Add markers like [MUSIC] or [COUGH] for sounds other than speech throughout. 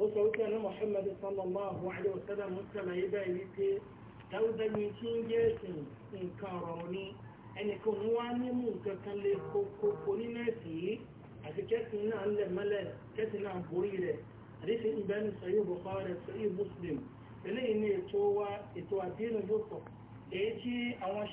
ó sọ wípé ẹni Muhammad sallallahu alaihi wa sallam ń sàlàyé báyìí wípé dáúdá ni tí ń jẹ́ ẹ̀sìn nǹkan ọ̀rọ̀ ni ẹnìkan ní wá ní mú nǹkan kan lè kókó nínú ẹ̀sìn yìí àti kẹ́sìn náà ń lẹ̀ mọ́lẹ̀ kẹ́sìn náà borí rẹ̀ àdéṣe ìbẹ́ni sọ̀yìn Bukhari sọ̀yìn Muslim eléyìí ni ètò wa ètò àdínú yóò pọ̀ èyí tí àwọn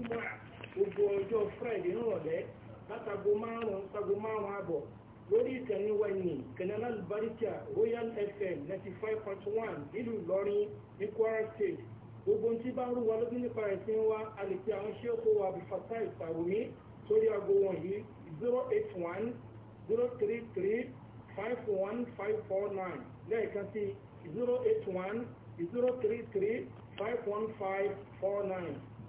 iṣẹ́ gbogbo ọjọ́ friday nírọ̀lẹ́ látago márùn-ún sago márùn-ún àbọ̀ lórí ìkànnì wẹ̀nì kẹ̀nẹ́lá lùbáríkà royal fm ninety five point one nílùú ìlọrin ní kwara state gbogbo ohun tí bá rú wa lójú nípa ẹ̀sìn wa a lè pe àwọn ṣéèkó wa bifata ìsàrùmí sórí aago wọ̀nyí zero eight one zero three three five one five four nine lẹ́ẹ̀kan sí zero eight one zero three three five one five four nine.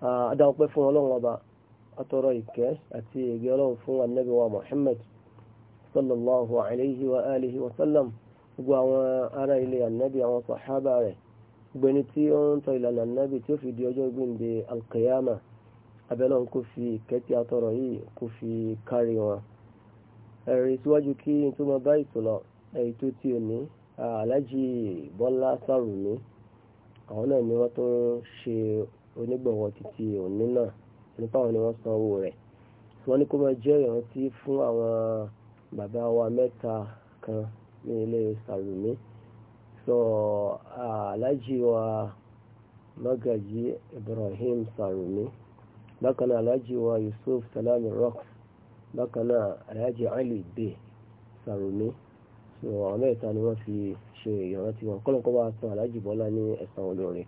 Ah, adáwọ̀pẹ́ fún ọlọ́run ọba atọ́rọ ìkẹ́ àti ègbé ọlọ́run fún ànábì wa Muhammad sallallahu alayhi wa alihi wa sallam gbogbo àwọn ará ilé ànábì àwọn sàhábà rẹ̀ gbẹni tí ó ń tọ ìlànà ànábì tí ó fi di ọjọ́ gbìndé alkiyama abẹ́lọ́n kò fi ìkẹ́ tí atọ́rọ yìí kò fi kárí wọn ẹ̀rí síwájú kí n onígbọ̀wọ́ títí òní náà ẹni táwọn ni wọ́n san owó rẹ̀ tí wọ́n ní kó máa jẹ́ ìrántí fún àwọn bàbá wa mẹ́ta kan ní ilé sàlùmí sọ aláàjì wa Magaji Ibrahim Sàrùmí bákan náà aláàjì wa Yusuf Salami Rock bákan náà aláàjì Ali Bey Sàrùmí sọ àwọn mẹ́ta ni wọ́n fi ṣe ìrántí wọn kọ́lọ́kọ́ bá san aláàjì Bọ́lá ní ẹ̀san olóore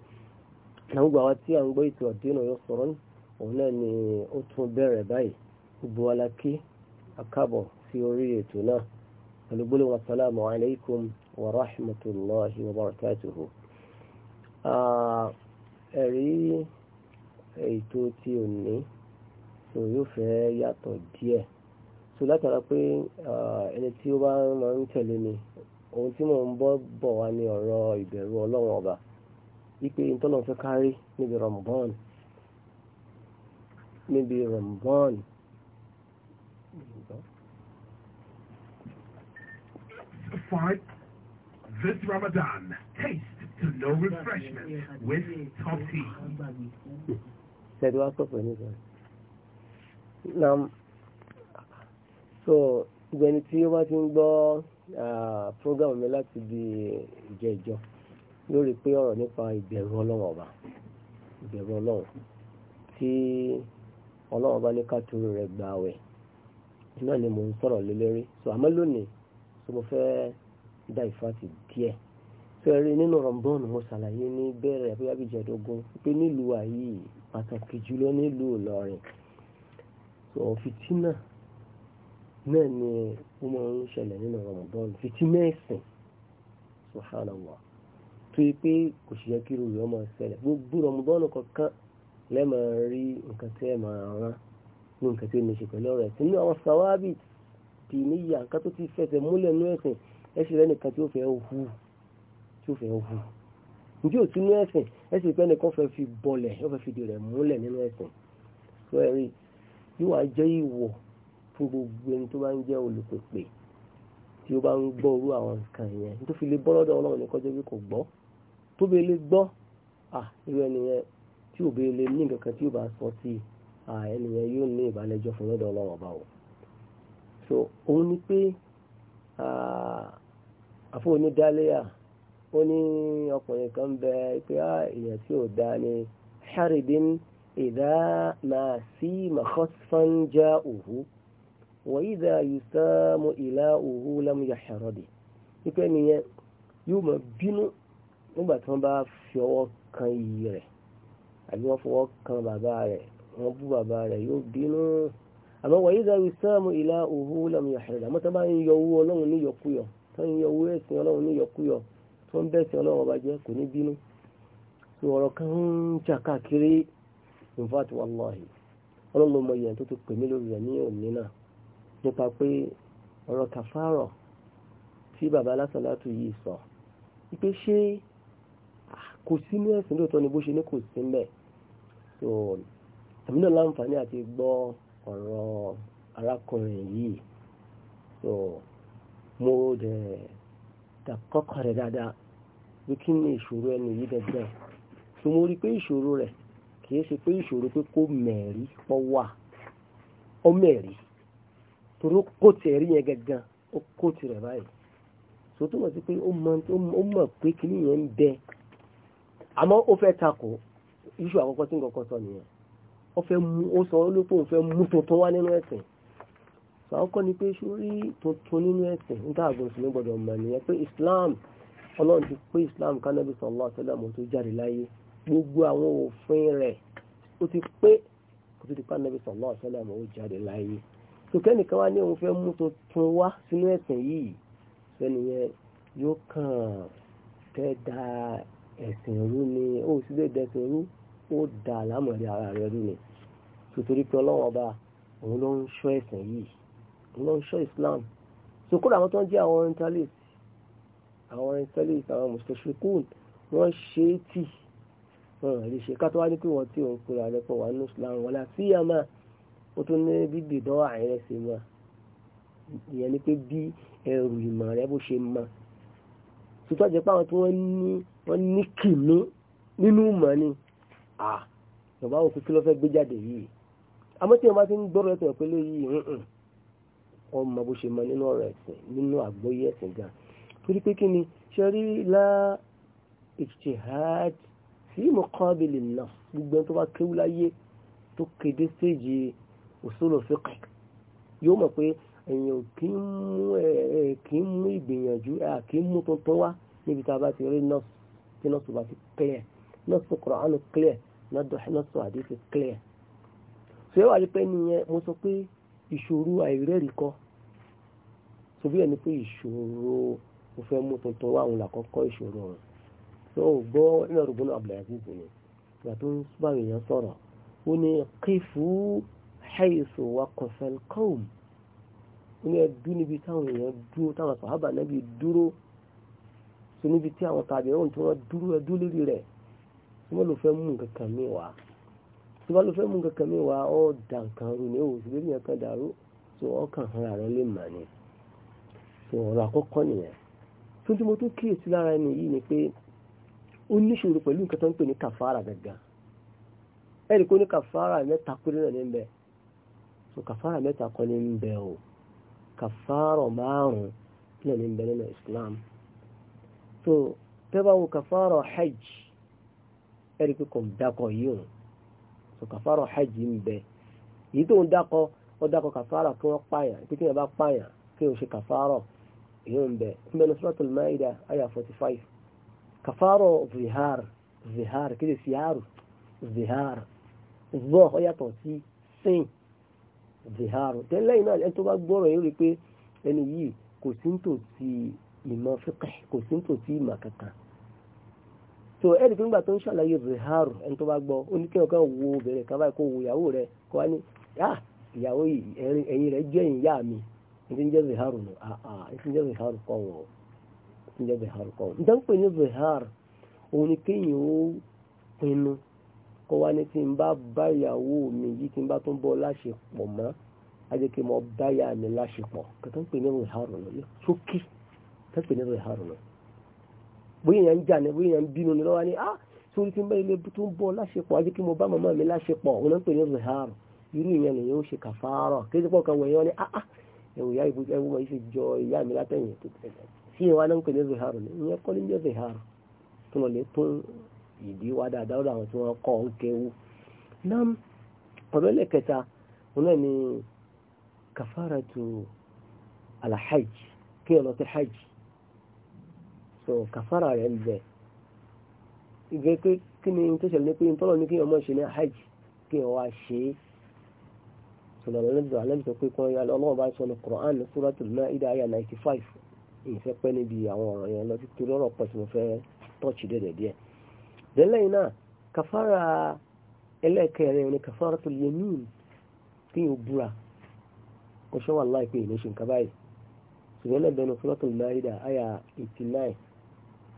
àwọn gbogbo àwọn tí à ń gbọ́ ètò àdínà yóò sọ̀rọ̀ òun náà ni ó tún bẹ̀rẹ̀ báyìí gbogbo alákí akábọ̀ sí orí ètò náà pẹ̀lú gbólóhùn asalaamu alaykum wa rahmatulahi wa barakatuhu. ẹ̀rí ètò tí ò ní so yóò fẹ́ yàtọ̀ díẹ̀ so látara pé ẹni tí ó bá máa ń tẹ̀lé mi ohun tí mò ń bọ̀ bọ̀ wá ní ọ̀rọ̀ ìbẹ̀rù ọlọ́run ọba wípé ìtọ́lọ̀ fẹ́ kárí níbi Ramadan níbi Ramadan Fight this Ramadan. Taste to no refreshment with top tea. Ṣẹ̀dí wá sọ̀fẹ̀ nígbà. Nam so ìgbẹ́ni tí ó bá ti ń gbọ́ ah, program mi láti di ìjẹ́jọ́ yóò rí pé ọ̀rọ̀ nípa ìbẹ̀rù ọlọ́run ọba ìbẹ̀rù ọlọ́run tí ọlọ́run ọba ní ká torí rẹ̀ gba àwẹ̀ náà ni mò ń sọ̀rọ̀ lé lérí so àmọ́ lónìí so mo fẹ́ dá ìfàtì díẹ̀ so ẹ̀rí nínú rọ̀mbọ́ọ̀nù mo ṣàlàyé ní bẹ̀rẹ̀ bóyá bíi jẹ̀dógún pé nílùú àyè pàtàkì jùlọ nílùú Ìlọrin so fìtínà náà ni ó máa ń ṣẹlẹ̀ nínú rọ̀mbọ́ọ̀nù fìtínà ẹ̀sìn subhanallah tó yẹ pé kò sì yẹ kí irú rẹ̀ ọmọ ṣẹlẹ̀ gbogbo rọmọbọ́ọ̀nù kọ̀ọ̀kan lẹ́mọ̀ rí nǹkan tí ẹ máa rán ní nǹkan tí ó ní ṣe pẹ̀lú ọ̀rọ̀ ẹ̀sìn nínú àwọn sàwábì tì níyà nǹkan tó ti fẹsẹ̀ múlẹ̀ nú ẹ̀sìn ẹ̀sìn rẹ̀ nìkan tí ó fẹ́ hù tí ó fẹ́ hù ǹjẹ́ ò tún ní ẹ̀sìn ẹ̀sìn pé ẹnìkan fẹ́ fi bọlẹ̀ ó fẹ́ fi di rẹ̀ múlẹ̀ nínú ẹ̀sìn tó ẹ̀rí yíwà jẹ́ ìwọ̀ fún gbogbo ẹni tó bá ń jẹ́ olùpèpè tí ó bá ń gbọ́ orú àwọn nǹkan yẹn tó fi lè bọ́ lọ́dọ̀ ọlọ́run ní kọjá bí kò gbọ́ tóbi lè gbọ́ à ah, irú ẹnìyẹn tí òbí lè ní kankan tí ó bá sọ sí à ah, ẹnìyẹn yóò ní ìbálẹ́jọ́ fún lọ́dọ̀ ọlọ́run ọba o so òun ni pé ah, àfọwọ́ ní dálẹ́yà ó ní ọkùnrin kan bẹ pé á èèyàn tí ò dá ni haribin ìdá máa sí mahosfan já òhu wọ́yí dá yusamu ìlà òhu lámúyà wípé nìyẹn yóò máa bínú nígbà tí wọ́n bá fi ọwọ́ kan iyì rẹ̀ àbí wọ́n fọwọ́ kan bàbá rẹ̀ wọ́n bú bàbá rẹ̀ yóò bínú àmọ́ wọ́n yí dáwí sáàmù ìlà òhú lọ́mù yàtọ̀ àmọ́ tó bá ń yọ owó ọlọ́run ní yọkúyọ tó ń yọ owó ẹ̀sìn ọlọ́run ní yọkúyọ tó ń bẹ̀sìn ọlọ́run ọba jẹ́ kò kan ń jà káàkiri wallahi ọlọ́run mọ ìyẹn tó ti pè mí lórí rẹ̀ ní òní náà nípa pé ọ̀rọ̀ sọ kò sí ní ẹ̀sìn lóòótọ́ ni bó ṣe ní kò sí mẹ́ so àmì náà láǹfààní àti gbọ́ ọ̀rọ̀ arákùnrin yìí so mo dẹ̀ dàkọ́kọ̀ rẹ̀ dáadáa kí ni ìṣòro yìí so mo rí pé ìṣòro rẹ̀ kìí ṣe pé ìṣòro pé kó mẹ̀rí pọ̀ wà mẹ̀rí kó tiẹ̀ rí yẹn gangan ó kó tirẹ̀ báyìí so tó mọ̀ sí pé ó mọ̀ pé kí ni ń bẹ́ẹ̀ àmọ́ ó fẹ́ takò iṣu àkọ́kọ́ tí nǹkan sọ nìyẹn ó fẹ́ mú ó sọ olóòpó òun fẹ́ mú tuntun wá nínú ẹ̀sìn ni pé iṣu rí tuntun nínú ẹ̀sìn níta àgbọn sì ní gbọdọ̀ mọ̀ nìyẹn pé Islam ọlọ́run ti pé Islam kánábì sallallahu alaihi wasallam tó jáde gbogbo àwọn òfin rẹ̀ ó ti pé kò tó ti ó jáde láyé tòkẹ́nìkan wá ní òun fẹ́ mú tuntun wá sínú ẹ̀sìn yìí ẹ̀sìn rú ni ó sì lè dẹ̀sìn rú ó da àlámọ̀rí ara rẹ̀ rú ni tòtòrí pé ọlọ́wọ́n ọba òun ló ń ṣọ́ ẹ̀sìn yìí òun ló ń ṣọ́ Islam sòkúrò àwọn tó ń jẹ́ àwọn orientalist àwọn orientalist àwọn mùsùlùmí wọ́n ṣe é tì wọ́n rí ṣe ká tó wá ní pé wọ́n tí òun kúrò àrẹ pọ̀ wà ní Islam wọn la sí àmà ó tún ní bíbí ìdánwò àìrẹ́ sí mọ́ ìyẹn ni pé bí ẹrù ìmọ̀ rẹ bó ṣe mọ́ tuntun àjẹpá àwọn tí wọ́n ní wọ́n ní kìíní nínú mọ̀ ni à yorùbá òkú kí ló fẹ́ gbé jáde yìí àmọ́ tí wọ́n bá ti ń gbọ́rọ̀ ẹ̀sìn pẹ̀lú yìí wọ́n mọ bó ṣe mọ nínú ọ̀rọ̀ ẹ̀sìn nínú àgbọ́yé ẹ̀sìn gan torí pé kí ni ṣe rí lá ijtihad sí muqabil an-nass gbogbo tó bá kéwú láyé tó kéde séjì usul fiqh yóò mọ̀ pé èèyàn kì í mú ìgbìyànjú kì í mú tuntun wá níbi tá rí nọ́ọ̀sì tí nọ́ọ̀sì bá ti clear nọ́ọ̀sì Kùránì clear nọ́ọ̀sì àdìsí clear. ṣé wàá rí pé nìyẹn mo sọ pé ìṣòro àìrẹ́rìí kọ́ ṣòbí ẹni pé ìṣòro mo fẹ́ mú tuntun wá àwọn làkọ́kọ́ ìṣòro rẹ̀ tó o gbọ́ iná rògbòna Abdulaziz ni ìgbà tó ń bá èèyàn sọ̀rọ̀ ó ní kífù haythu waqafa al ó ní ẹdú níbi táwọn èèyàn dúró táwọn sàhábà náà dúró so níbi tí àwọn tàbí ohun tí wọ́n dúró ẹdú lórí rẹ̀ tí wọ́n lò fẹ́ mú nǹkan kan wá tí wọ́n lò fẹ́ mú wá ọ́ ní òwòsí lórí yẹn kan so ọkàn ara rẹ lè mà ní so ọ̀rọ̀ àkọ́kọ́ nìyẹn tó tí mo tún lára ẹni yìí ni pé ó níṣòro pẹ̀lú tó ń pè ní kàfàrà kó ní kàfàrà o kàfàrà márùn-ún ní bẹ́ẹ̀ nínú Islam so tẹ́bàwò kàfàrà hajj ẹ̀rí pé kò dákọ̀ yìí o so kàfàrà hajj ń bẹ èyí tó ń dákọ̀ ó dákọ̀ kàfàrà kí wọ́n pààyàn pé kí wọ́n bá pààyàn kí wọ́n ṣe kàfàrà yìí ń bẹ ń bẹ ní suratul maida aya zihar zihar kí ni siyaru zihar zọ́ ọ yàtọ̀ sí sin zihar tẹ́lẹ̀ náà ẹni tó bá gbọ́rọ̀ yìí rí pé ẹni yìí kò sí ń tò ìmọ̀ fíkẹ́ kò sí nítòsí ìmọ̀ kankan so ẹ̀rì pé nígbà tó ń ṣàlàyé rìhárù ẹni tó bá gbọ́ ó ní kẹ́hìn kan wo obìnrin kan báyìí kó wo ìyàwó rẹ̀ kó wá ní yá ìyàwó ẹ̀yìn rẹ̀ jẹ́ ìyá mi ìdí ń jẹ́ rìhárù nù àà ìdí ń jẹ́ rìhárù kọ́ wọ̀ ìdí ń jẹ́ rìhárù kọ́ wọ̀ níta ń pè ní rìhárù òun ni kéèyàn ó pinnu kó wá ní tí n bá bá ìyàwó mi yìí tí n bá tó ń bọ́ láṣepọ̀ mọ́ á jẹ́ kí mo bá ìyá mi láṣepọ̀ kẹ́tọ́ ń pè ní rìhárù lọ́yọ́ sókè. So, tẹ́pẹ̀ ní ìròyìn àrùn náà bóyá èèyàn ń jà ní bóyá èèyàn ń bínú ni lọ́wọ́ ni ah torí tí ń bá ilé tó ń bọ̀ láṣepọ̀ àti kí mo bá màmá mi láṣepọ̀ òun náà ń pè ní ìròyìn àrùn irú ìyẹn nìyẹn ó ṣe kàfàárọ̀ kéde pọ̀ kan wọ̀nyẹn wọn ni ah, ah ẹ̀wò ìyá ìbújá ẹ̀wò yìí ṣe jọ ìyá mi látẹ̀yìn sí ìwà náà ń pè ní hajj so kàfàrà rẹ̀ ń bẹ ìgbẹ́ pé kí ni tó ṣẹlẹ̀ pé tọ́lọ̀ ní kí ọmọ ṣe ní hajj kí wọ́n wá ṣe é sọ̀rọ̀ lọ́dọ̀ alẹ́bìsọ pé kan yà lọ́wọ́ bá sọ ní Quran Suratul Maida àyà 95 ìfẹ́ pẹ́ níbi àwọn ọ̀rọ̀ yẹn lọ títí lọ́rọ̀ pọ̀ tí mo fẹ́ tọ́ọ̀ṣì dẹ̀dẹ̀ díẹ̀ dẹ́lẹ́ iná kàfàrà ẹlẹ́ẹ̀kẹrin ni kafaratul yamin tí yóò búra kò ṣọ́wà láìpẹ́ ìmẹ́ṣin kábáyìí ṣùgbọ́n lẹ́bẹ̀ẹ́nu Suratul Maida àyà 89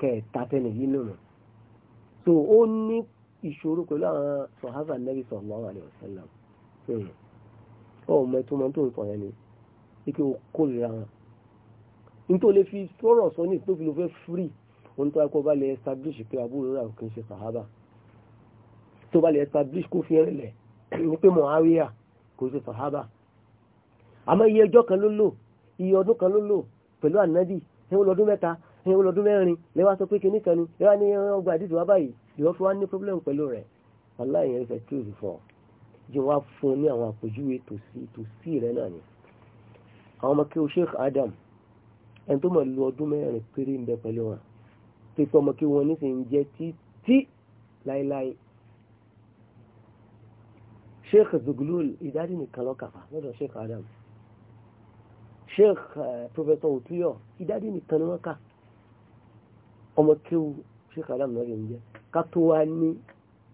kẹta tẹ́nì yìí nù so ó ní ìṣòro pẹ̀lú àwọn sọ̀hábà nẹ́bí sallallahu alaihi wasallam ọmọ hmm. ẹ̀tọ́ mọ́ tó ń sọ yẹn ni ike o kórìíra wọn nítorí lè fi sọ̀rọ̀ sọ ní ìtòfin ló fẹ́ fírì ohun tó akọ bá lè establish pé àbúrò rà kì í ṣe sàhábà tó bá lè establish kó fi ẹrẹ̀lẹ̀ ní pé Muawiya kò ṣe sàhábà àmọ́ iye ọjọ́ kan ló lò iye ọdún kan ló lò pẹ̀lú ànábì ẹ̀wọ̀n lọ́dún mẹ́ta ní ọlọ́dún mẹ́rin lẹ́wà sọ pé kíní kan ni lẹ́wà ní ọgbà àdìdì wá báyìí ìwọ́n fi wá ní problem pẹ̀lú rẹ̀ aláìyẹn rẹ̀ fẹ́ tíòsì fún ọ jẹ́ wá fún ní àwọn àpèjúwe tòsí tòsí rẹ̀ náà ni. àwọn ọmọ kéwò Sheikh Adam ẹni tó mọ̀ lu ọdún mẹ́rin péré ń bẹ pẹ̀lú wọn pé pé ọmọ kéwò wọn ní sì ń jẹ títí láéláé. Sheikh Zuglul ìdádì nìkan lọ́kàfà lọ́dọ̀ Sheikh Adam Sheikh eh, Professor Otuyo ìdádì nìkan ni wọ́n ọmọ kéwù ṣéka alámọ̀rẹ́ ń jẹ́ ká tó wá ní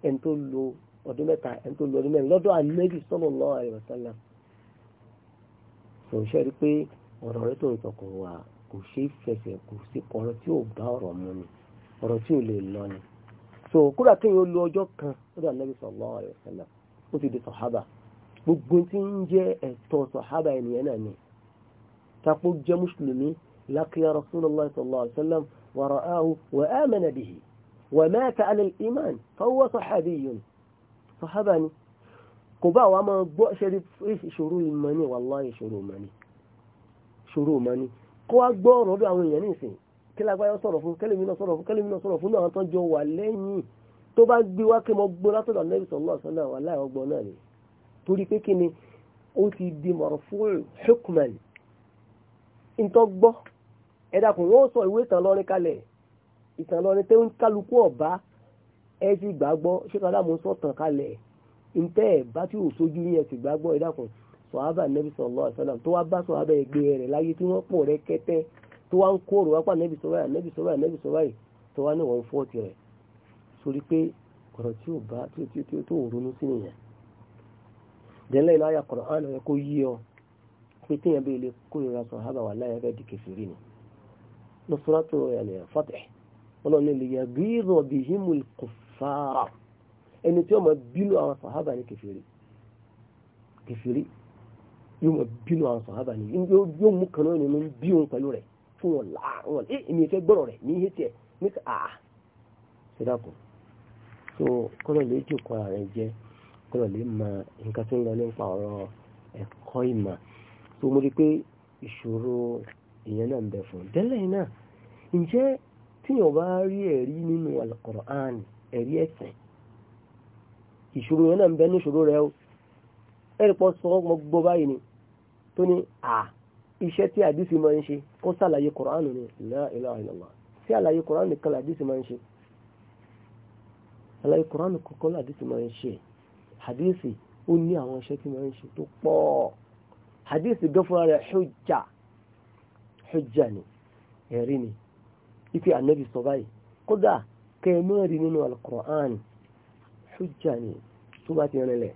ẹni tó lo ọdún mẹ́ta ẹni tó lo ọdún mẹ́rin lọ́dọ̀ ànábì sallallahu alaihi wasallam ṣòṣẹ́ rí pé ọ̀rọ̀ rẹ tó ń sọkàn wà kò ṣe é fẹsẹ̀ kò sí ọ̀rọ̀ tí ò bá ọ̀rọ̀ mu ni ọ̀rọ̀ tí ò lè lọ ni so kódà kéèyàn lo ọjọ́ kan lọ́dọ̀ ànábì sallallahu alaihi wasallam ó ti ورآه وآمن به ومات على الإيمان فهو صحابي صحاباني kòbá wa máa gbọ́ ṣòro ìmọ̀ ní wàláyé ṣòro ìmọ̀ ní ṣòro ìmọ̀ ní kó wá gbọ́ ọ̀rọ̀ ọdún àwọn èèyàn nìsín kí lágbáyọ́ sọ̀rọ̀ fún kẹ́lẹ́mí náà sọ̀rọ̀ fún kẹ́lẹ́mí náà sọ̀rọ̀ fún náà tó jọ wà lẹ́yìn tó bá gbé wá kí mo gbọ́ látọ̀dọ̀ Ànábì sallallahu alaihi wasallam wàláyé ọgbọ́n náà rẹ̀ torí pé kí ni ó ti di marfu' hukman ìtọ́gbọ́ Eda dákun wọ́n sọ ìwé ìtàn lọ́rin kalẹ̀ ìtàn lọ́rin tẹ́ ń kálukú ọ̀bá ẹ ti gbàgbọ́ ṣé kàdá mo sọ tàn kalẹ̀ ntẹ́ ẹ̀ bá tí ò sójú yẹn ti gbàgbọ́ ẹ dákun sọ̀hábà nẹ́bí sallallahu alaihi tó wá bá sọ̀hábà ẹgbẹ́ rẹ̀ láyé tí wọ́n pọ̀ rẹ kẹ́tẹ́ tó wá ń kóòrò wá pa nẹ́bí sọ̀rọ̀ yà nẹ́bí sọ̀rọ̀ yà nẹ́bí sọ̀rọ̀ yà tó wá fọ́ tirẹ̀ pé ọ̀rọ̀ tí bá tí tí tó ronú sí nìyẹn. dẹ́lẹ́ nusratu yani fatih ọlọ́ni lè yẹ gírọ̀ bí himul kùfàrà ẹni tí ó máa bínú àwọn sàhábà ní kẹfìrí kẹfìrí yóò máa bínú àwọn sàhábà ní yóò mú kanú ẹni mú bí òun pẹ̀lú rẹ̀ fún wọn láàrín wọn ẹ èmi ìfẹ́ gbọ́rọ̀ rẹ̀ ní ihe tiẹ̀ ní ká àá sídàkùn so kọ́lọ̀ lè jòkó ara rẹ̀ jẹ́ kọ́lọ̀ lè mọ nǹkan tó ń lọ nípa ọ̀rọ̀ ẹ̀kọ́ ìmọ̀ so mo rí pé ìṣòro ìyẹn náà ń bẹ fún un tẹ́lẹ̀ náà ǹjẹ́ tíyàn bá rí ẹ̀rí nínú alukoran ẹ̀rí ẹ̀sìn ìṣòro yẹn náà ń bẹ ní ìṣòro rẹ o ẹ̀rí pọ̀ sọ ọmọ gbọ́ báyìí ni tó ní à iṣẹ́ tí àdìsí máa ń ṣe kó sàlàyé koran ni la ilaha illallah àlàyé koran nìkan làdìsí máa ń ṣe àlàyé koran kọ̀ọ̀kan làdìsí máa ń ṣe àdìsí ó ní àwọn iṣẹ́ tí máa ń ṣe tó pọ̀ àdìsí gan rẹ̀ ṣó hujja ni ẹ̀rí ni ipe anabi sọ báyìí kódà kẹ́ẹ̀mẹ́rin nínú alukur'an hujja ni tó bá ti rìnlẹ̀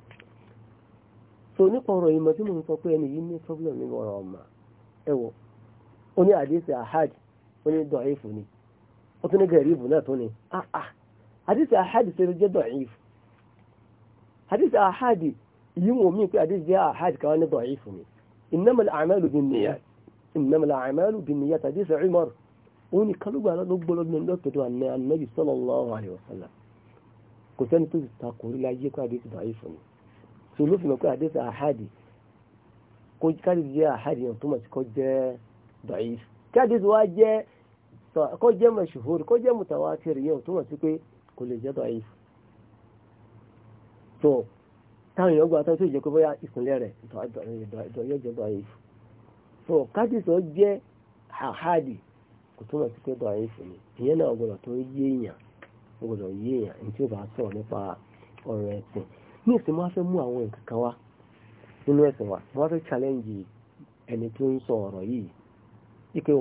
so nípa ọ̀rọ̀ ìmọ̀ tí mo ń sọ pé ẹni yìí ní problem nínú ọ̀rọ̀ ọ̀ma ẹ̀wọ̀ ó ní àdísì ahad ó ní dọ̀ífù ni ó tún ní gẹ̀rìbù náà tó ní àà àdísì ahad ṣe ló jẹ́ dọ̀ífù àdísì ahad yìí wọ́n mí pé àdísì jẹ́ ahad káwọn ní dọ̀ífù ni innamal a'malu bin niyyat إنما الأعمال بالنيات حديث عمر òun nìkan ló gbà lọ́gbọ́ lọ́dún lọ́tọ̀dọ̀ ànábì sallallahu alaihi wasallam kò sẹ́ni tó ti takò rí láyé kó àdé ti báyìí fún mi tó ló fi mọ̀ pé àdé ti àhádì kó káàdì jẹ́ àhádì yẹn tó mọ̀ sí kó jẹ́ báyìí káàdì ti wá jẹ́ kó jẹ́ mashhur kó jẹ́ mutawatir yẹn tó mọ̀ sí pé kò lè jẹ́ báyìí tó táwọn èèyàn gbà tó tó ìjẹ́ pé bóyá ìpínlẹ̀ rẹ̀ ìdọ̀ so kádìsọ jẹ́ àhádì ahadi kutuma sí pé dọ̀rọ̀ ìfẹ́ ni ìyẹn náà gbọ́dọ̀ tó yé èèyàn gbọ́dọ̀ yé èèyàn ní tí ó bá sọ̀rọ̀ nípa ọ̀rọ̀ ẹ̀sìn ní ìsìn máa fẹ́ mú àwọn wa challenge ẹni tó ike ori ike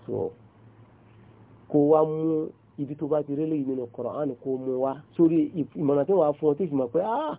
so wa ibi ti Quran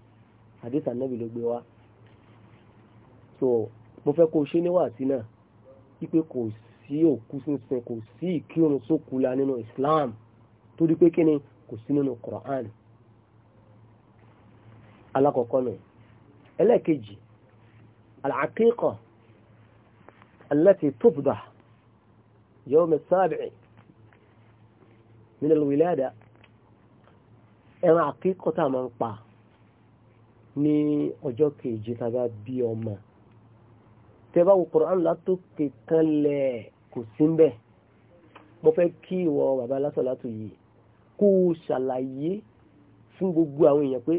hadith anabi ló gbé wá so mo fẹ́ kó o ṣe níwà sí náà wípé kò sí òkú sínsìn kò sí ìkírun sókúla nínú Islam torí pé kí ni kò sí nínú Quran alákọ̀ọ́kọ́ nù ẹlẹ́ẹ̀kejì al-aqiqa التي تفضح يوم السابع من الولادة ẹran àkíkọ́ tá a máa ń pa ní ọjọ́ kejì tàbí bí ọmọ tẹ́bá wo Qur'an látòkè tán kò sí ń bẹ̀ mo fẹ́ kí ìwọ bàbá lásọ̀ látò yìí kó ṣàlàyé fún gbogbo àwọn èèyàn pé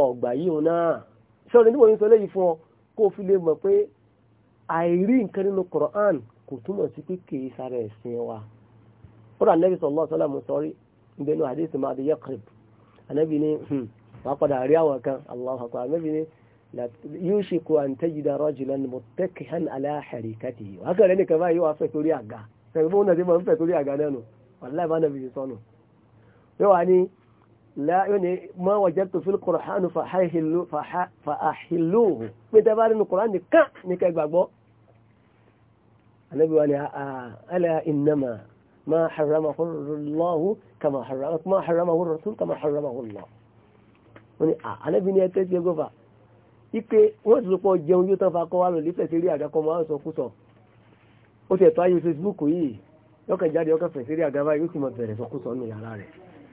ọgbà yìí òun náà sọ̀rọ̀ níbo ni sọ léyìí fún ọ kó o fi lè mọ̀ pé àìrí nǹkan nínú kò túmọ̀ sí pé kì í sára ẹ̀sìn wa nẹ́bí ìbẹ́nu àdéhùn máa di wọ́n padà rí àwọn kan Allahu akbar níbi ni yóò ṣe kó àǹtẹ́jìdá rajulan muttakihan ala harikatihi wọ́n kàn rẹ̀ nìkan báyìí wọ́n fẹ́ torí àga sẹ́yìn fún ònàdé máa ń fẹ́ torí àga nẹ́nu wàláì bá nàbí sọnù yóò wá ní ma wajadtu fil Qur'an fàáhìlóhù pé tẹ́ bá rí nu Qur'an nìkan nìkan gbàgbọ́ النبي قال ألا إنما ما حرمه الله كما حرمه ما حرمه الرسول كما حرمه الله wọ́n ní ah, ànábì ní ẹtẹ́ tí ẹ gọ́fà ipe wọ́n ti lọ́pọ̀ jẹun yóò tán fa kọ́ wá lò lẹ́sẹ̀ sí rí àgàkọ́ máa ń sọ kú sọ ó ti ẹ̀tọ́ ayé Facebook yìí yọkàn jáde yọkàn fẹ̀ sí rí àgàbá yóò sì mọ bẹ̀rẹ̀ sọ kú sọ nù yàrá rẹ̀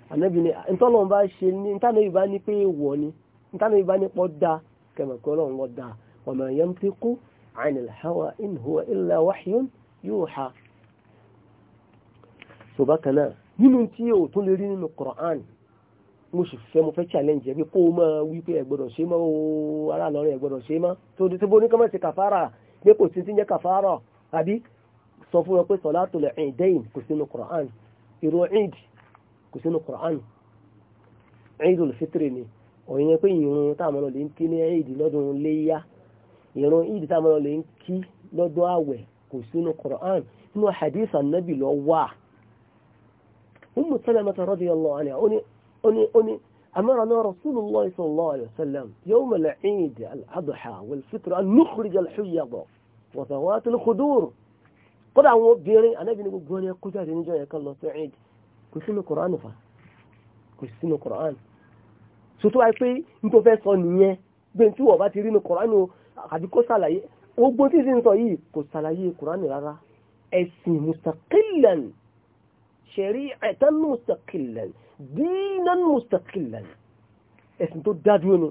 ànábì ní ntọ́lọ́n bá ṣe ní ntánàbì bá ní pé wọ̀ ni ntánàbì bá ní pọ́ da kẹmọ̀ ọlọ́run mo sì fẹ́ mo fẹ́ challenge ẹ pé kó o máa wí pé ẹ gbọ́dọ̀ ṣe mọ́ o ará lọ́rẹ́ ẹ gbọ́dọ̀ ṣe mọ́ tó di tí bó ní kọ́ mọ̀ sí kàfàrà pé kò sí ti ń jẹ́ kàfàrà àbí sọ fún wọn pé salatul idain kò sínú Qur'an ìró eid kò sínú Qur'an Eidul Fitri ni òyìn yẹn pé ìrun táwọn ọlọ́lẹ̀ ń kí ní eid lọ́dún léyà ìrun eid táwọn ọlọ́lẹ̀ ń kí lọ́dún àwẹ̀ kò sínú Qur'an nínú hadith anabi lọ wà. Ummu Salamah radiyallahu anha أني أني أمرنا رسول الله صلى الله عليه وسلم يوم العيد الأضحى والفطر أن نخرج الحيض وذوات الخدور قد عمو بيري أنا بني بقول يا قتا تنجا يا كلا سعيد كشنو قرآن فا كشنو قرآن سوتو أي في نتو في صنيع بنتو أبى تري القرآن هذا كسالة وبنتي زنتو أي كسالة أي قرآن لارا اسم مستقلا شريعة مستقلا dínan mustaqillan ẹ̀sìn tó dájú ẹnu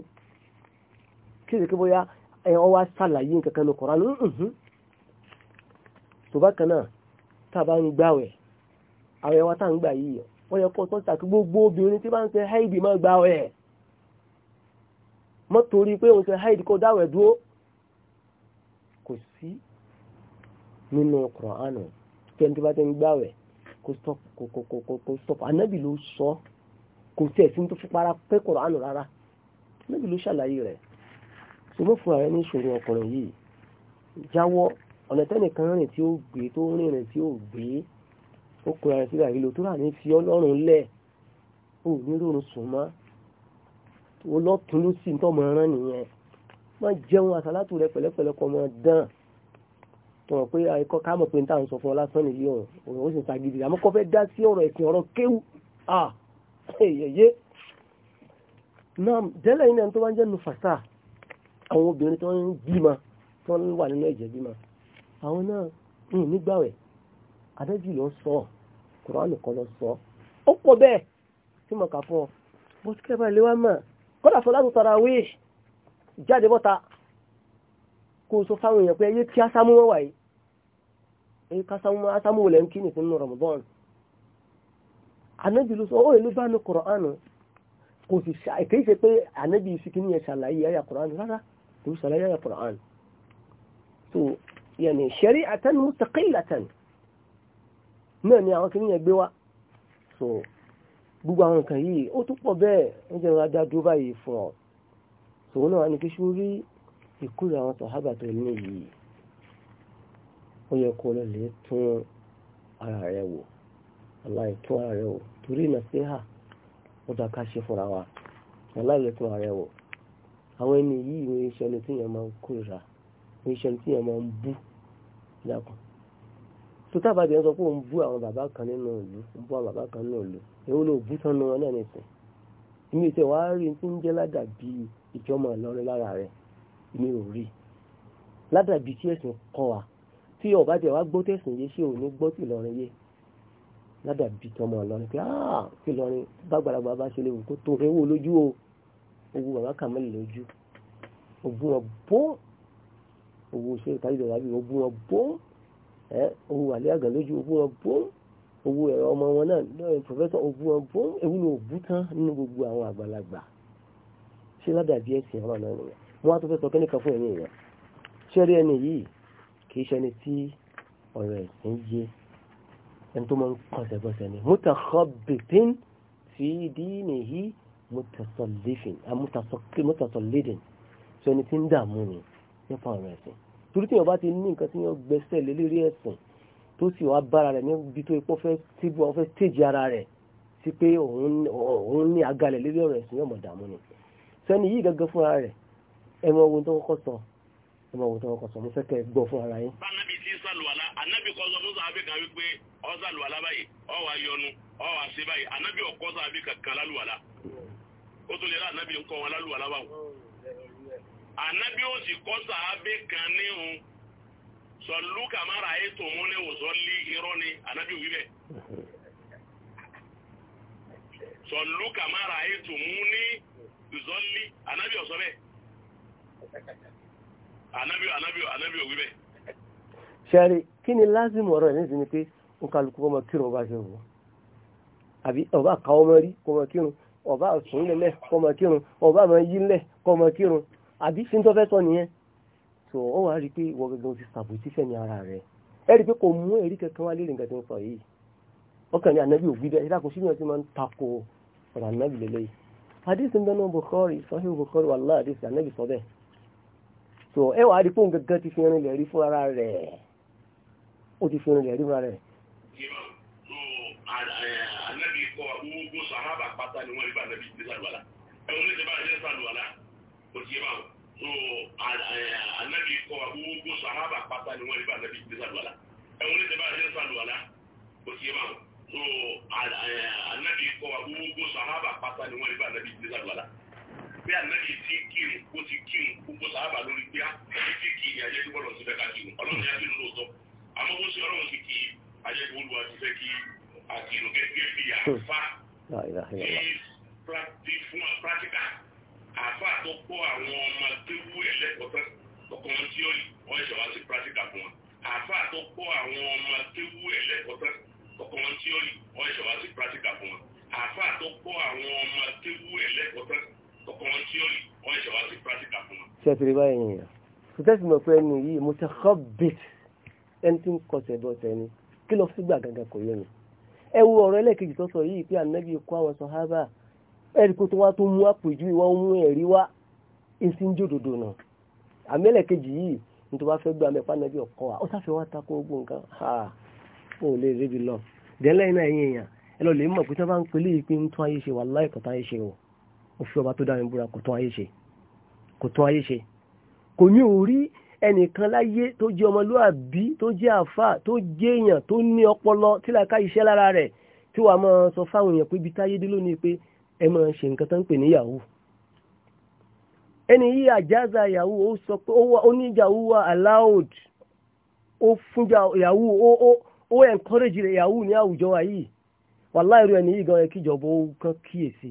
kí ṣe kí bóyá ẹ̀yàn ọwá sàlàyé kankan ní kọ̀rán lóòrùn tó bá kanáà tàbá ń gbáwẹ̀ àwọn ẹwà tàà ń gbà yìí wọ́n yẹ kọ́ tó tàkí gbogbo obìnrin tí bá ń ṣe haidi máa gbáwẹ̀ mọ́ torí pé òun ṣe haidi kó dáwẹ̀ dúró kò sí nínú kọ̀rán kí ẹni tí bá ti ń gbáwẹ̀ kó stop kó kó kó kó kó stop anabi ló sọ kò tẹ̀ sí tó fi para pé Kùránì rárá anabi ló ṣàlàyé rẹ̀ ṣùgbọ́n fún ara ẹni ìṣòro ọkùnrin yìí jáwọ́ ọ̀nà tẹ́nìkan rìn tí ó gbé tó rìn rìn tí ó gbé ó kura rẹ̀ síra ìlò tó rà ní fi ọlọ́run lẹ̀ ó nírọ̀rùn sùn mọ́ ó lọ́tún ló sì ń tọ́ mọ ẹran nìyẹn wọ́n jẹun àsálàtù rẹ pẹ̀lẹ́pẹ̀lẹ́ kọ́ mọ dán tọ̀rọ̀ pé ẹ̀kọ́ ah, káàmọ̀ pé ń tà ń sọ fún ọ lásán nìyí ọ̀rọ̀ ó sì ń sagidi àmọ́ kọ́ fẹ́ dá sí ọ̀rọ̀ ẹ̀sìn ọ̀rọ̀ kéwù ah ẹ̀yẹ̀yẹ́ náà dẹ́lẹ̀ yìí náà tó bá ń jẹ́ nufasa àwọn obìnrin tó ń bímọ tó ń wà nínú ẹ̀jẹ̀ bímọ àwọn náà ń nígbàwẹ̀ adájú ló sọ kùránì kan ló sọ ó pọ̀ bẹ́ẹ̀ tí mo kà fún ọ bó ti kẹ́ bá ilé wa mọ̀ kọ́dà fọlá tó tara wíì jáde bọ́ta kó sọ fáwọn èèyàn pé ẹyẹ kí ásámú wọn wà yìí ẹyẹ kí ásámú wọn ásámú wọlé ń kí ní sínú Ramadan anabi ló sọ ó èlé bá ní Kùránù kò sì kì í ṣe pé anabi ìsìnkìní yẹn ṣàlàyé ẹyà Kùránù rárá kò sì ṣàlàyé ẹyà Kùránù so yẹnì ṣẹ̀rí àtẹnu mustaqila àtẹnu náà ni àwọn kìnìyàn gbé wá so gbogbo àwọn nǹkan yìí ó tún pọ̀ bẹ́ẹ̀ ó jẹ́ ìrìn àjá dúró báyìí fún ọ tòun náà wà ní kí ṣúrí ìkúrò àwọn sọ̀hábà tó ní yìí ó yẹ kó lọ lè tún ara rẹ wò aláì ara rẹ wò torí ìnàṣẹ́hà ó dá ṣe fúnra wa aláì ara rẹ wò àwọn ẹni yìí wọ́n iṣẹ́ ẹni tí máa ń kórìíra iṣẹ́ ẹni tí máa ń bú dákun tó tábàdì sọ pé bú àwọn kan nínú ìlú ń bú àwọn kan nínú ìlú èwo ló bú tán nu náà nìsín wàá rí tí ń ládàbí ìlọrin lára mi ò rí ládàbí tí ẹ̀sìn kọ́ wa tí ọba tẹ̀ wá gbọ́ tẹ̀sìn yé ṣé ò ní gbọ́ tì lọ́rin yé ládàbí tí ọmọ ọlọ́rin pé áà kí lọ́rin bá gbàlagbà bá ṣe léwu kó torí owó lójú o owó bàbá kàmẹ́lì lójú ògùn wọn bó owó ṣe ìtàjọ ìwádìí ògùn wọn bó ẹ owó àlẹ́ àgàn lójú ògùn wọn bó owó ẹ̀rọ ọmọ wọn náà lọ́rin pòfẹ́sọ̀ ògùn wọn bó ewu ni òbú tán nínú gbogbo àwọn àgbàlagbà ṣé ládàbí ẹ̀sìn ọlọ́rin nìyẹn mo wá tó fẹ́ sọ kí nìkan fún ẹ̀yìn èèyàn ṣẹ́rí ẹni yìí kì í ṣẹni tí ọ̀rọ̀ ẹ̀sìn yé ẹni tó máa ń kọsẹ̀kọsẹ̀ ni mutakhabbitin fi dinihi mutasallidin sọ ẹni tí ń dààmú ni nípa ọ̀rọ̀ ẹ̀sìn torí tí yóò bá ti ní nǹkan tí yóò gbẹ́sẹ̀ lé lérí ẹ̀sìn tó sì wá bára rẹ̀ níbi tó ipò fẹ́ tíbu àwọn fẹ́ stéèjì ara rẹ̀ sí pé òun ní agalẹ̀ lérí ọ̀rọ̀ ẹ̀sìn yóò mọ̀ dààmú ni sẹ́ni yìí gẹ́gẹ́ fúnra rẹ̀ ẹmọ ohun tó kọ́kọ́ sọ ẹmọ ohun tó kọ́kọ́ sọ mo fẹ́ kẹ́ gbọ́ fún ara yín. bánabi ti sàlùwàlá anabi kọ́ sọ fún sàbí kan wípé ọ sàlùwàlá báyìí ọ wà yọnu ọ wà sí báyìí anabi ọkọ sàbí kankan lálùwàlá ó tó lè rà anabi ńkọ wọn lálùwàlá wà wọn. anabi ó sì kọ́ sàbí kan níhun sọlú kàmára ayé tó mú irọ́ ni anabi wí bẹ́ẹ̀ sọlú kàmára ayé tó mú anabi ọ̀sọ́ bẹ́ẹ̀ ànábì kini lazim òwú bẹ́ẹ̀. ṣẹ́rí kí ni lásìmọ̀ ọ̀rọ̀ ẹ̀ nísìnyí pé ń kálukú kọ́ mọ kírun ọba ṣe wò àbí ọba àkàwọ́ mọ rí kọ́ mọ kírun ọba sùn lẹ́lẹ̀ kọ́ mọ kírun ọba mọ yí lẹ̀ kọ́ mọ kírun àbí fi ń tọ́ fẹ́ sọ nìyẹn tó ọ wá rí i pé ìwọ gẹ́gẹ́ o ti sàbòtí fẹ̀mí ara rẹ̀ ẹ rí i pé kò mú ẹ̀rí kankan wá lé nǹkan tó ń sọ yìí ọkàn ní ànábì òbí bẹ́ẹ̀ ìdáko sínú ẹ̀ tí máa ń takò ọ̀rọ̀ ànábì lélẹ́yìí hadith ń bẹ́ẹ̀ náà Bukhari Sahih Bukhari wàhálà hadith ànábì sọ bẹ́ẹ̀ so ẹ wàá rí fóun gẹ́gẹ́ ti fi irin lẹ̀ rí fúnra rẹ̀ ó ti fi irin lẹ̀ rí fúnra rẹ̀. anabi sahaba pátá ni wọn rí bá anabi ti sàlùwàlà ẹ wọn ní ti bá anabi sàlùwàlà kò sahaba pátá ni wọn rí bá anabi ti sàlùwàlà ẹ wọn ní ti bá anabi sàlùwàlà kò sí bá wọn sahaba pátá ni wọn rí bá pé ànábì tí ń kírun ó ti kírun gbogbo sàábà lórí pé àti tí kì í ajẹ́ gbọ́dọ̀ sí fẹ́ ká kírun ọlọ́run yá kírun lóòótọ́ àmọ́ bó ṣe ọlọ́run ti kì í ajẹ́ gbogbo àti fẹ́ kí àkírun gẹ́gẹ́ bí àfa tí fún pàtíkà àfa tó kọ́ àwọn ọmọ tẹ́wú ẹlẹ́kọ̀ọ́tẹ́ ọkùnrin tí wọ́n ṣe wá sí pàtíkà fún wọn àfa tó kọ́ àwọn ọmọ tẹ́wú ẹlẹ́kọ̀ọ́tẹ́ ọkùnrin tí wọ́n ṣe wá sí pàtíkà fún wọn àfa tó kọ́ àwọn ọmọ tẹ́wú ẹlẹ́kọ̀ọ́tẹ́ kọ́ wọn tíọ́rì wọ́n ṣe wá sí báyìí sọtẹ́sì mọ̀ pé yìí mo ti xọ́ bit ẹni tí ń kọsẹ̀ bọ́sẹ̀ ni kí lọ sígbà gangan kò yé mi. ẹ wo ọ̀rọ̀ tó sọ yìí pé kọ́ àwọn kó tó wá tó mú mú ẹ̀rí èsì ń nà àmì yìí ní tó bá fẹ́ ha ó lè lọ. dẹ́lẹ́yìn náà ẹ̀yìn èèyàn ẹ lọ òfin ọba tó dá mi búra kò tún ayé ṣe kò tún ayé ṣe kò ní orí ẹnìkan láyé tó jẹ́ ọmọlúàbí tó jẹ́ àfà tó jẹ́ èèyàn tó ní ọpọlọ tí làákà iṣẹ́ lára rẹ̀ tí wàá máa sọ fáwọn èèyàn pé ibi táyé dé lónìí pé ẹ máa ṣe nǹkan tó ń pè ní ẹni yìí àjáza yahoo ó sọ pé ó ní yahoo wa allowed ó fún yahoo ó ó ó encourage yahoo ní àwùjọ wa yìí wàláìrú ẹni yìí gan ẹ kíjọba ó kàn kíyèsí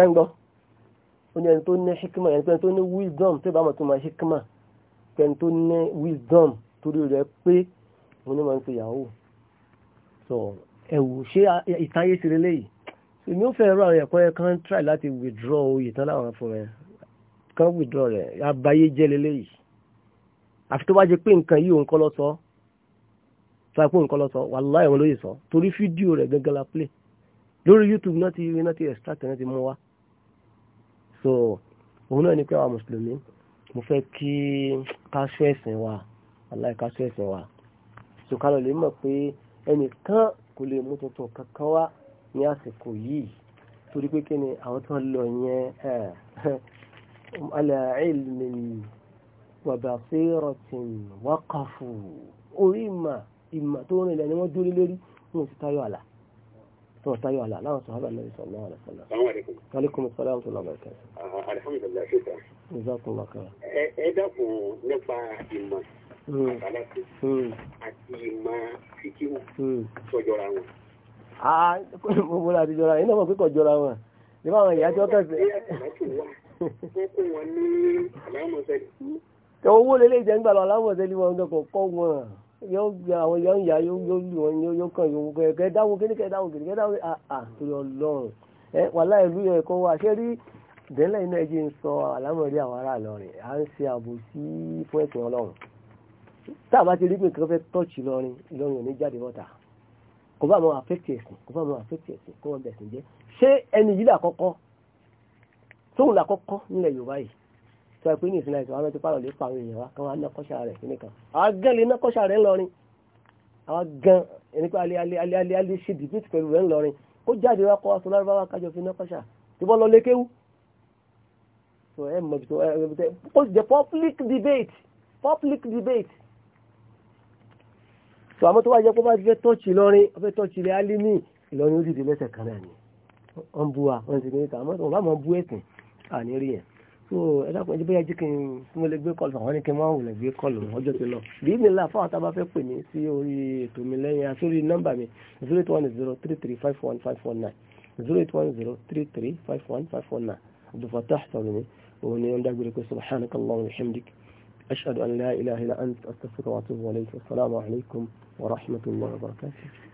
ṣẹ́ńgbọ́ ó tó ní hikima ẹni tó ní wisdom tó bá mọ̀ tó máa hikima ẹni tó ní wisdom torí rẹ̀ pé mo ní máa ń ṣe yahoo so ẹ̀wù ṣé ìtayé ti relé yìí èmi ò fẹ́ rọ àwọn ẹ̀kọ́ yẹn kan try láti withdraw oyè tán láwọn fún ẹ kan withdraw rẹ̀ abayé jẹ́ lélẹ́ yìí àfi tó bá jẹ pé nǹkan yìí òun kọ́ lọ sọ tó bá pé òun kọ́ lọ sọ wàláhì òun ló yẹ sọ torí fídíò rẹ̀ gẹ́gẹ́ la play lórí YouTube náà ti rí náà ti extract náà ti mú wa so òun náà ni pé àwa mùsùlùmí mo fẹ́ kí káṣọ ẹ̀sìn wa aláì káṣọ ẹ̀sìn wa so ká lọ lè mọ̀ pé ẹnìkan kò lè mú tuntun kankan wá ní àsìkò yìí torí pé kí ni àwọn tó ń lọ yẹn eh, [LAUGHS] ala ilmin wa basiratin waqafu tó ń rìn lẹ́ni wọ́n dúró lórí wọn ò sì tayọ àlà tó tayọ àlà láwọn sọ̀rọ̀ àlọ́ ìsọ̀lọ́ àlọ́ sọ̀lọ́. aleykum salaam wa rahmatulah barakatu. Ah, alhamdulilayi sisan. nsàkùn bàkà. ẹ ẹ dákun nípa ìmọ̀ hmm. àbálàkì hmm. àti ìmọ̀ fíkíwù sọjọra hmm. wọn. aa ah, gbogbo la ti jọra yín náà mọ̀ pé kò jọra wọn ní báwọn ìyá tó kẹsì. wọ́n kó wọn ní àlámọ̀sẹ́lì. owó lélẹ́jẹ̀ ń gbà lọ àlámọ̀sẹ́lì wọn kò kọ́ wọn yóò gba àwọn yóò ń yà yóò lù wọn yóò kàn yóò kẹ dáwọ kí kẹ dáwọ kì ni kẹ dáwọ àà ah, ah, torí Ọlọ́run ẹ wàhálà ìlú yẹn kọ wá ṣé rí dẹ́lẹ̀ iná ẹjẹ́ ń sọ àlámọ̀rí àwọn ará Ìlọrin à ń ṣe ààbò sí fún ẹ̀sìn Ọlọ́run tá a bá ti rí pé nǹkan fẹ́ tọ́ọ̀chì Ìlọrin Ìlọrin ò ní jáde wọ́ta kò bá àwọn àfẹ́tì ẹ̀sìn kò bá àwọn àfẹ́tì ẹ̀sìn kó wọn bẹ̀sìn jẹ́ ṣé ẹni yìí làkọ́kọ́ tóun làkọ́kọ́ nílẹ̀ Yorùbá yìí tó ẹ pé ní ìsinmi àìsàn àwọn ẹtí pààrọ̀ lè pa àwọn èèyàn wa kan wá nàkọ́ṣà rẹ̀ sí nìkan àwọn gan lè nàkọ́ṣà rẹ̀ ńlọrin àwọn gan ẹni pé alẹ́ alẹ́ alẹ́ alẹ́ alẹ́ ṣe dìbìtì pẹ̀lú rẹ̀ ńlọrin kó jáde wá kọ́ aṣọ lárúbáwá kájọ fi nàkọ́ṣà tí wọ́n lọ lé kéwú. so ẹ mọ̀ tó ẹ kó jẹ public debate public debate. so àmọ́ tó wá jẹ́ pé bá ti fẹ́ tọ́ọ̀chì lọ́rin ọ fẹ́ tọ́ọ̀chì rẹ̀ alẹ́ ní ni wọ́n bu wa wọ́n ti ní ìta àmọ́ tó wọ́n bá so ẹ dákun ẹjẹ bóyá jẹ́ kí n tí mo lè gbé kọlù àwọn ní kí n máa wùlẹ̀ gbé kọlù ọjọ́ ti lọ bí mi là fáwọn tábà fẹ́ pè mí sí orí ètò mi lẹ́yìn àti orí nọ́mbà mi zero eight one zero three three five one five one nine zero eight one zero three three five one five one nine abdulfatah sọ̀rọ̀ mi òun ni wọ́n dágbére pé subhanaka allahumma wa hamdik ashhadu an la ilaha illa anta astaghfiruka wa alaykum wa rahmatullahi wa barakatuh.